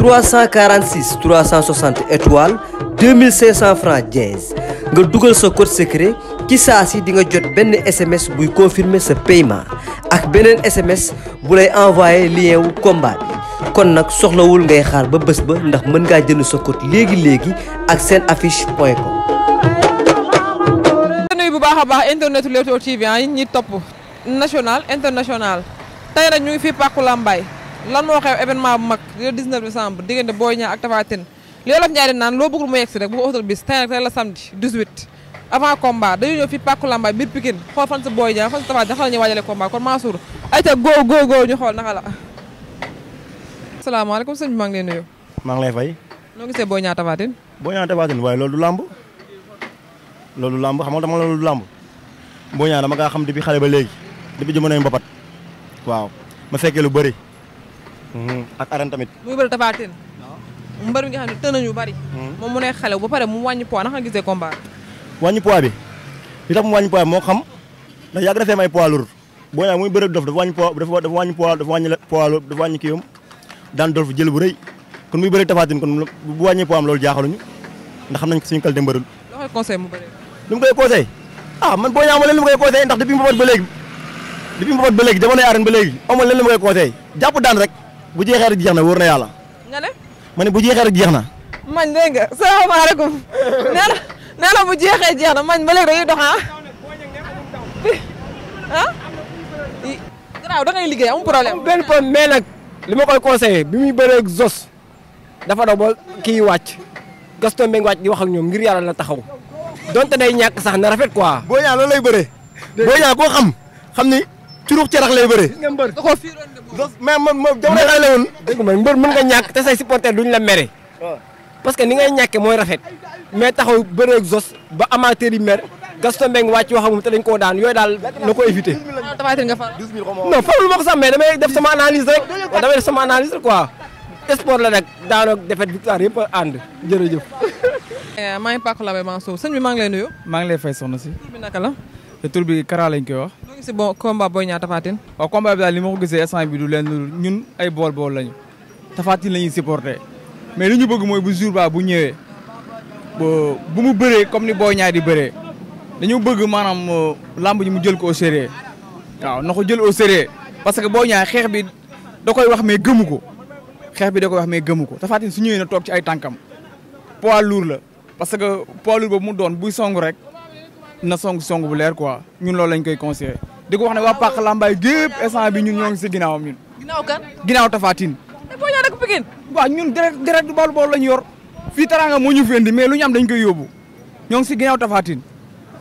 346 360 étoiles 2500 francs dièse nga dugal sa code secret ci saa si di nga jot benn SMS buy confirmer sa paiement ak beneen SMS bu lay envoyer lien wu combat kon nag soxlawul ngay xaar ba bés ba ndax mën ngaa jënd sa code léegi léegi ak seen affiche point com. nuyu bu baax a baax internet Leewtoo TV yi ñi topp national international tey nag ñu ngi fii Pàkku Lambaay lan moo xew événement bu mag le 19 décembre diggante Boy Niang ak Tapha li Wolof Njaay di naan loo bëggul mu yegsi rek bu ko utal bis tey rek tey la samedi 18 avant combat dañu ñëw fii pàkku lamba biir Pikine xool fan sa Boy Niang fan sa Tapha Tine xala ñuy waajale combat kon Mansour ayca góo góo góo ñu xool naka la asalaamaaleykum sëñ bi maa ngi lay nuyu maa ngi lay fay noo gisee Boy Niang Tapha Tine Boy Niang waaye loolu du loolu du xam dama loolu du làmb Boy Niang dama kaa xam depuis xale ba léegi depuis jamonoy mbapat waaw ma fekkee lu ak arène tamit. muy bëri Tapha Tine. mbër mi nga xam ne bari. Hmm. moom mu ne xale mu wàññi poids na nga gisee combat bi. wàññi poids bi li mu wàññi poids moo xam ndax yàgg dafee may poids lourd boo ñëwee muy bëri dof dafa wàññi poids dafa wàññi poids dafa wàññi poids lourd dafa wàññi kii am daan dof jël bu rëy kon muy bëri Tapha Tine kon bu wàññi poids am loolu jaaxaluñu ndax xam nañ suñu qualité mbërul. loo koy conseil mu bëri. li mu koy conseil ah man boo ñëwee leen li mu koy conseil ba léegi depuis mbabat ba léegi jamonoy arène daan rek bu jeexee rek jeex na wóor na yàlla. nga ma ne bu jeexee rek jeex na. man dégg nga salaamaaleykum nee na nee na bu jeexee jeex na man ba léegi dañuy dox ah. ah. garaaw da ngay liggéey amul problème. amul benn problème mais nag li ma koy conseillé bi muy bëreeg Zos dafa daw ba kii wàcc Gaston Mbengue wàcc di wax ñoom ngir yàlla la taxaw donte day ñàkk sax na rafet quoi. boo ñaa loolu lay bëree. boo ñaa koo ni. curux carax lay bëre. mais man man jamono xale la woon. dégg nga mbër ñàkk te supporter duñ la mere. parce que ni ngay ñàkkee mooy rafet. mais taxaw bëreeg zos ba amateur yi mer Gaston Mbengue wàcc wax moom te dañ koo daan yooyu daal na ko éviter. non fawul ma ko sax mais damay def sama analyse rek damay def sama analyse rek quoi. sport la nag daanaka défaite victoire yëpp ànd jërëjëf. Eh, maa ngi Pape Labé Mansour sëñ bi maa ngi lay nuyu. maa ngi lay te tur bi Kara lañ koy wax. loo gisee bon combat Boy Niang Tapha bi daal li ma ko gisee instant bi du leen ñun ay bool-bool lañu Tapha Tine la ñuy supporter mais li ñu bëgg mooy bu jour ba bu ñëwee bu mu bëree comme ni Boy Niang di bëree dañu bëgg maanaam euh, lamb ji mu jël ko au waaw na ko jël au parce que Boy Niang xeex bi da koy wax mais gëmu ko xeex bi da koy wax mais gëmu ko Tapha Tine su ñëwee na toog ci ay tànkam poids lourd la parce que poids lourd boobu mu doon buy song rek. na song song bu leer quoi ñun loolu lañ koy conseillé di ko wax ne waa Pàq Lambaay gépp instant bi ñun ñoo ngi si ginnaawam ñun. ginnaaw kan ginnaaw Tafatine. te boo ñëwee dëkk ñun deret deret du bool bool yor. fii teraanga moo ñu fi indi mais lu ñu am dañ koy yóbbu ñoo ngi si ginnaaw Tafatine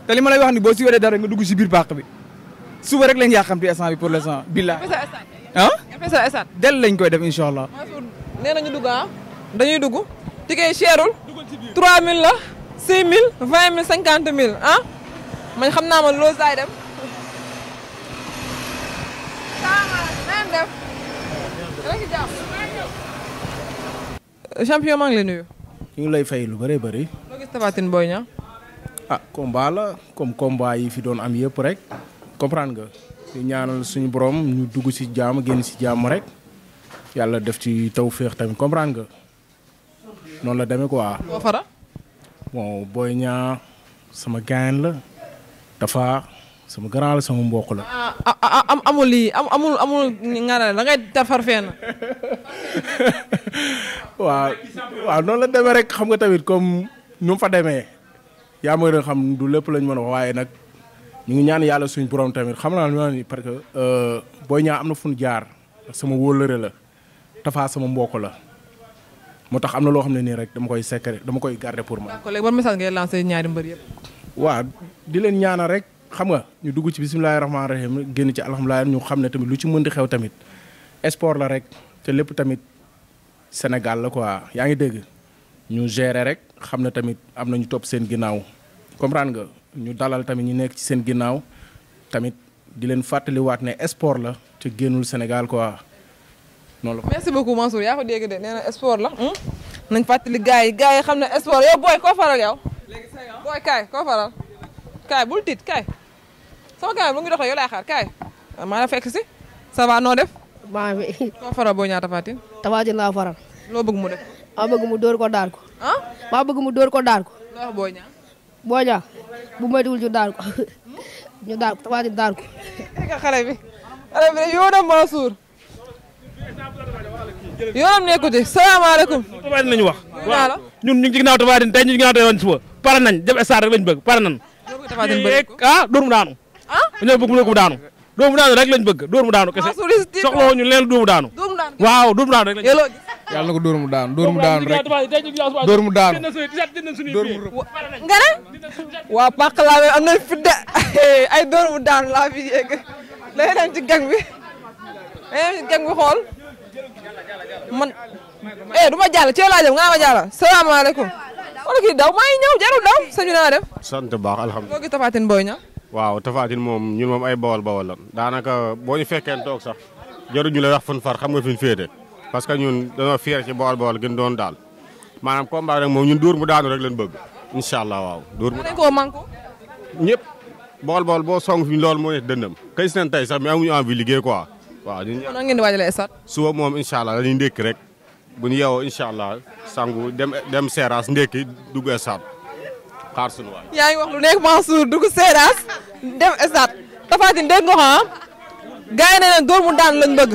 te li ma la wax ni boo si wéree dara nga dugg si biir pàq bi suba rek lañ yàqamti instant bi pour l'instant. bilaa ah. instant del lañ koy def incha allah. nee nañu dugg ah dañuy dugg. ticket cherul. 3000 la 6000 20000 50000 ah. man xam naa man loolu saay dem. champion maa ngi nuyu. ñu ngi lay fay lu bëree bëri. loo ah combat la comme combat yi fi doon am yëpp rek comprendre nga ñu ñaanal suñu boroom ñu dugg ci jaam génn ci jàmm rek yàlla def ci taw féex tamit comprendre nga noonu la demee quoi. boo fara bon Boy Niang sama gain la. dafa sama grand la sama mbokk la. Ah, ah, ah am amul lii am amul amul nga ne da ngay tafar fenn. waaw waaw noonu la demee rek xam nga tamit comme nu mu fa demee yaa ma gën a xam du lépp lañ mën a wax waaye nag mu ngi ñaan yàlla suñu borom tamit xam naa ne ni parce que euh, booy ñaa am na fu ñu jaar sama wóllëre la Tafa sama mbokk la. moo tax am na loo xam ne nii rek dama koy secret dama koy garder pour ma d'accord léegi ban message ngay lancer ñaari mbër yëpp. waaw di leen ñaanal rek xam nga ñu dugg ci bisimilahi rahmaani rahim génn ci alhamdulilah ñu xam ne tamit lu ci mënti xew tamit sport la rek te lépp tamit Sénégal la yaa ngi dégg ñu gérer rek xam na tamit am na ñu topp seen ginnaaw comprendre nga ñu dalal tamit ñu nekk ci seen ginnaaw tamit di leen fàttaliwaat ne sport la te génnul senegal quoi noonu la. merci beaucoup Mansour yaa ko dégg de nee na la. Hmm? nañ fàttali gars yi gars yi xam ne sport yow koy kaay koo faral kaay bul tiit kaay sama kaay mu ngi doxee yow laay xaar kaay. Ah, maa la fekk si ça va noo def. maa ngi koo faral boo ñaata Tapha Tine. Tapha Tine laa faral. loo bëgg mu def. maa bëgg mu dóor ko daan ko. ah maa bëgg mu dóor ko daan ko. loo wax boo ñaa. boo ñaa bu moytuwul ñu daan ko ñu daan ko Tapha Tine daan ko. xale bi xale bi yow na Mansour. yoonam nekkul ci salaamaaleykum. Tapha Tine nañu wax. waaw ñun ñu ngi ginnaaw Tapha Tine tey ñu ngi ginnaaw tey woon suba. pare nañ def stade rek lañ bëgg pare nañ eh, ah dóor mu daanu ah? ñoo bëgg mu ne ko daanu dóor mu daanu rek lañ bëgg dóor mu daanu kese ah, soxla ñu leen dóor mu daanu waaw dóor mu daanu rek lañ yàlla na ko dóor mu daanu dóor mu daanu rek dóor mu daanu dóor mu nga ne waa pàq laa am nañ fi de ay dóor mu daanu laa fi yegg day dem ci gang bi day dem ci gang bi xool man eh du ma jàll ci laa jëm nga ma jàll salaamaaleykum wala kii daw maa ngi ñëw jarul daw sañu naa sant baax alhamdulilah moo gis Tapha Tine waaw Tapha Tine moom ñun moom ay bawal bawal lan daanaka boo ñu fekkeen toog sax jarul ñu lay wax fun far xam nga fi ñu féete parce que ñun dañoo fier ci bawal bawal gën doon daal maanaam combat rek moom ñun dóor mu daanu rek lañ bëgg incha allah waaw. dóor mu daanu koo manko ñëpp bawal bawal boo song fi loolu moo nekk dëndam kay si tey sax mais liggéey quoi. waaw ñun ñëpp kon ngeen di moom incha allah dañuy ndékki rek bu ñu yeewoo allah sangu dem dem seeraas ndékki dugg stade xaar sunu yaa ngi wax lu nekk Mansour dugg seeraas dem stade Tapha Tine dégg nga ko ah gars na dóor mu daan lañ bëgg.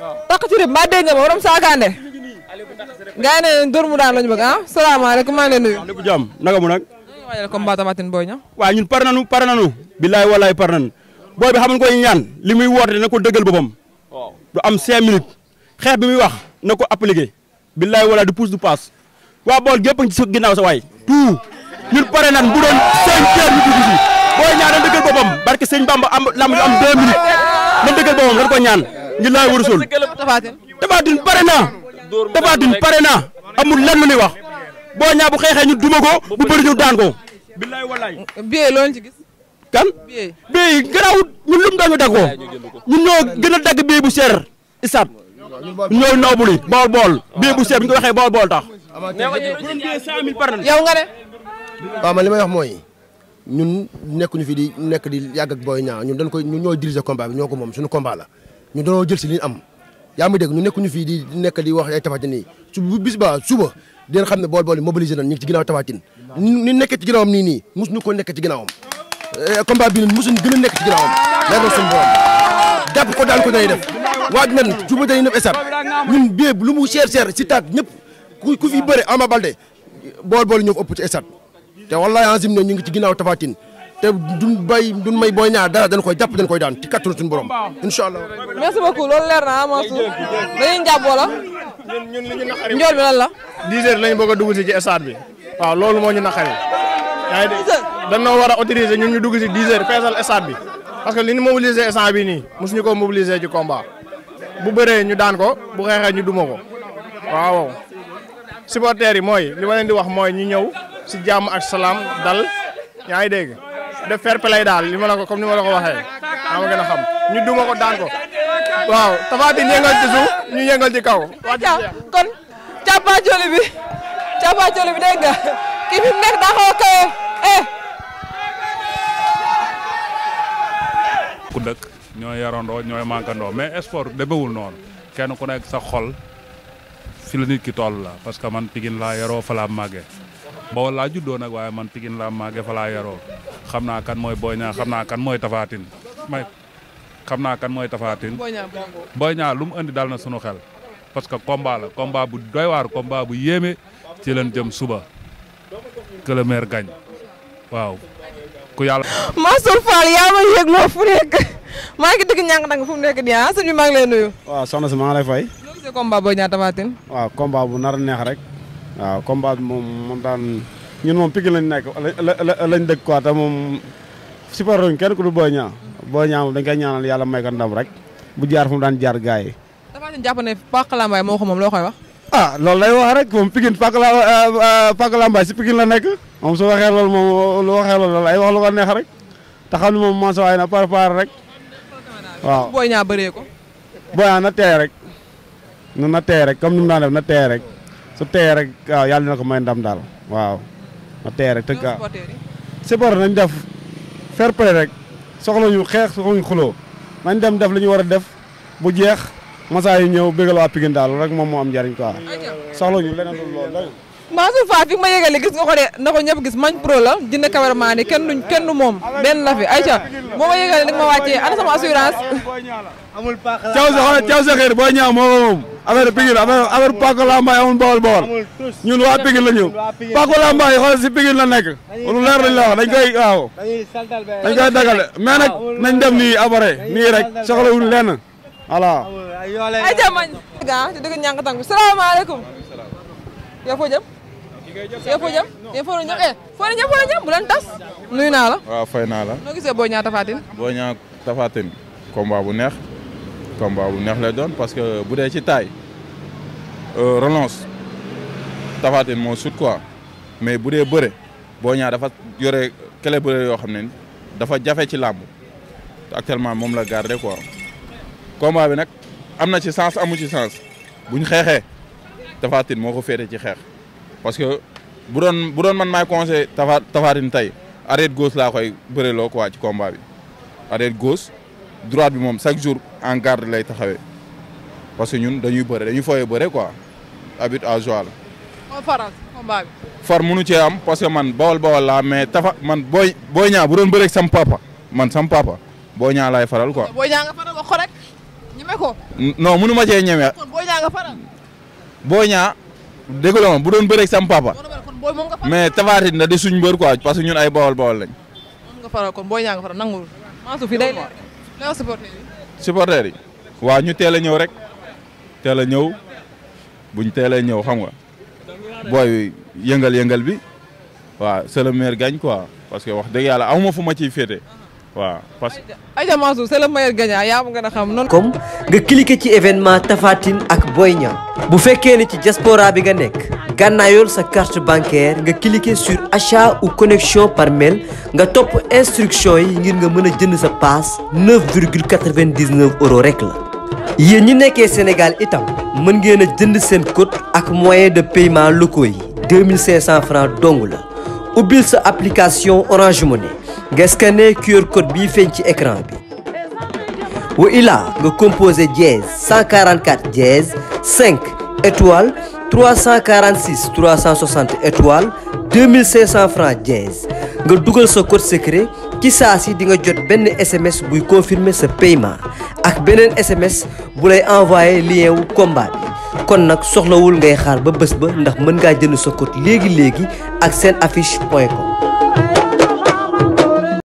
waaw takk ci rib maa dégg nga ma waram saakaande. gars yi mu daan lañ bëgg ah salaamaaleykum maa ngi leen nuyu. waaw lépp jàmm naka mu nag. waajal combat Tapha Tine Boy Niang. waaw ñun par nanu par nanu. billaay walaay par nanu xam nga li muy woote dina ko dëggal boppam. du am cinq minutes xeex bi muy wax. na ko appliqué billaay wala du pousse du passe waa bool gépp ginnaaw sa waay tout ñun pare nan bu doon cinq ñu dugg si booy ñaan na dëggal boppam barke sëñ Bamba am lam am deux minutes na dëggal boppam lan ko ñaan ngi laay war a sol Tafatine pare naa Tafatine pare naa amul lan lu ñuy wax boo ñaa bu xeexee ñu duma ko bu bëri ñu daan ko billaay walaay biyee loolu ci gis kan biyee garaawut ñun lum dañu dag ko ñun ñoo gën a dagg biyee bu cher isaat ñëw Nawbouly bool bool bii bu seet bi nga waxee bool bool tax. yow nga ne. waaw li ma wax mooy ñun nekkuñu fi di nekk di yàgg booy Boy Niang ñun dañ koy ñun ñoo diriger combat ñoo ko moom suñu kombaala la ñu dañoo jël am li ñu am. yaa ngi ñu nekkuñu fii di nekk di wax ay tafatin yi su ba suba di xam ne bool bool yi mobilisé nañ ñu ngi ci ginnaaw tafatin ni nekk ci ginnaawam nii nii mosuñu ko nekk ci ginnaawam eh, combat bi ñun mosuñu gën a nekk ci ginnaawam leer jàpp ko daan ko dañuy def waaj nan juba dañuy def esat ñun béeb lu mu cher cher si taat ñëpp ku fi bëre Ama Baldé bool bool ñëw ëpp ci esat te wallahi ansim ne ñu ngi ci ginnaaw Tapha Tine te duñ bay duñ may booy ñaar dara dañ koy jàpp dañ koy daan ci kattanu suñu borom incha allah. merci beaucoup loolu leer na ah, Mansour dañuy jàpp wala. ñun ñun li ñu naqari njool bi lan la. 10 heures lañ bëgg a dugg si ci bi waaw loolu moo ñu naqari. yaa war a autoriser ñun ñu dugg si 10 bi. parce que li ñu mobiliser instant bi nii mosuñu ko mobiliser ci bu bëree ñu daan ko bu xeexee ñu duma ko waaw supporters yi mooy li ma leen di wax mooy ñu ñëw si jàmm ak salaam dal yaa ngi dégg def fair play daal li ma la ko comme ni ma la ko waxee maa ma gën a xam ñu duma ko daan ko waaw tafaati yëngal ci suuf ñu yëngal ci kaw kon càppaajoli bi càppaajoli bi dégg nga kii fi mu nekk daa xaw dëkk ñooy yarandoo ñooy mànkandoo mais sport demewul noon kenn ku nekk sa xol fi la nit ki toll la parce que man Pikine laa yaroo fa laa màggee Bawol laa juddoo nag waaye man Pikine laa màggee falaa laa yaroo xam naa kan mooy Boy xam naa kan mooy Tapha Tine may xam naa kan mooy Tapha Tine Boy lu mu indi dal na sunu xel parce que combat la bu doy waar combat bu yéeme ci leen jëm suba que le waaw ku yàlla. Mansour Fall yaa ma yëg loo fu nekk maa ngi dëgg ñàkk nag fu mu nekk nii ah sëñ bi maa ngi lay nuyu. waaw soxna si maa ngi lay fay. ñoo gisee combat booy ñaata baatin. waaw combat bu nar a neex rek. waaw combat bi moom moom daan ñun moom pigi lañ nekk lañ dëkk quoi te moom super ruñ kenn ku du booy ñaa. booy ñaa moom dañ koy ñaanal yàlla may rek bu jaar fu daan jaar gars yi. dafa am jàpp ne Pàcc Lambaye moo ko moom loo koy wax. ah loolu lay wax rek moom su waxee loolu moom lu waxee loolu ay wax lu ko neex rek te xam ne moom man sa na par par rek waaw. booy ñaa ko. booy na tey rek na tey rek comme ni mu daan def na tey rek su tey rek waaw yàlla na ko may ndam daal waaw na tey rek. te gaa supporter nañ def fair play rek soxla ñu xeex soxla ñu xuloo nañ dem def li ñu war a def bu jeex masaa yu ñëw bégal waa Pikine daal rek moom moo am njariñ quoi soxla ñu Mansour Fall fi ma yëgalee gis nga ko de na ko ñëpp gis mañ pro la dina cameraman yi kenn duñ kenn du moom benn la fi ayca boo ma yëgalee nag ma wàccee ana sama assurance. amul pàcc la amul caw caw sa xeer boo ñaaw moo ko moom affaire Pikine la mbaay amul bawol bawol ñun waa Pikine la ñu pàcc la mbaay xool si Pikine abare nii rek soxlawul lenn yow foo jëm yow foo jëm bu leen tas nuyu naa la waaw fay naa la noo gisee Boy Niang Tapha Tine Boy Niang Tapha Tine bu neex combat bu neex lay doon parce que bu dee ci taille euh, relance Tapha moo sut quoi mais bu dee bëre boo Niang dafa yore clé bëre yoo xam ne dafa jafe ci làmb actuellement moom la garder quoi combat bi nag am na ci sens amu ci sens buñ xeexee Tapha moo ko féete ci xeex parce que bu doon bu doon man maay conseil Tapha Tapha Tine tey arrière laa koy bëreloo quoi ci combat bi arrière gauche droit bi moom chaque jour en garde lay taxawe parce que ñun dañuy bëre dañuy fooyee bëre quoi habite à Joal la. faral combat far munu cee am parce que man bawal bawal laa mais Tapha man booy booy ñaa bu doon bëreeg sam papa man sam papa booy ñaa laay faral quoi. ko rek ñeme ko. non munu ma cee ñeme. kon ñaa. dégg la moom bu doon bëreeg sam papa. mais tafaatin da di suñ mbër quoi parce que ñun ay bawol bawol lañ. moom nga faral kon booy ñaa nga faral nanguwul. ñu teel a ñëw rek teel a ñëw buñ teelee ñëw xam nga booy yëngal yëngal bi waa c'est le meilleur gagne quoi parce que wax dëgg yàlla amuma fu ma ciy féete. waaw parce que. Aïda Mansour c'est le meilleur yaa ma gën a xam noonu. comme nga cliqué ci événement Tapha ak Boy Niang bu fekkee ne ci diaspora bi nga nekk gànnaayoon sa carte bancaire nga cliqué sur achat ou connexion par nga topp instruction yi ngir nga mën a jënd sa paas 9,99 euros rek la. yéen ñi nekkee Sénégal itam mën ngeen a jënd seen code ak moyen de paiement locaux yi 2500 francs dong la ubbil sa application Orange Money. nga scanné QR code bii feeñ ci écran bi wa ilaa nga composé dièse 144 dièse 5 étoile 346 360 étoile 2500 francs dièse nga dugal sa cote secret ci saa si di nga jot benn SMS buy confirmer sa paiement ak beneen SMS bu lay envoyé lien wu combat kon nag soxlawul ngay xaar ba bés ba ndax mën ngaa jënd sa code léegi léegi ak seen affiche point com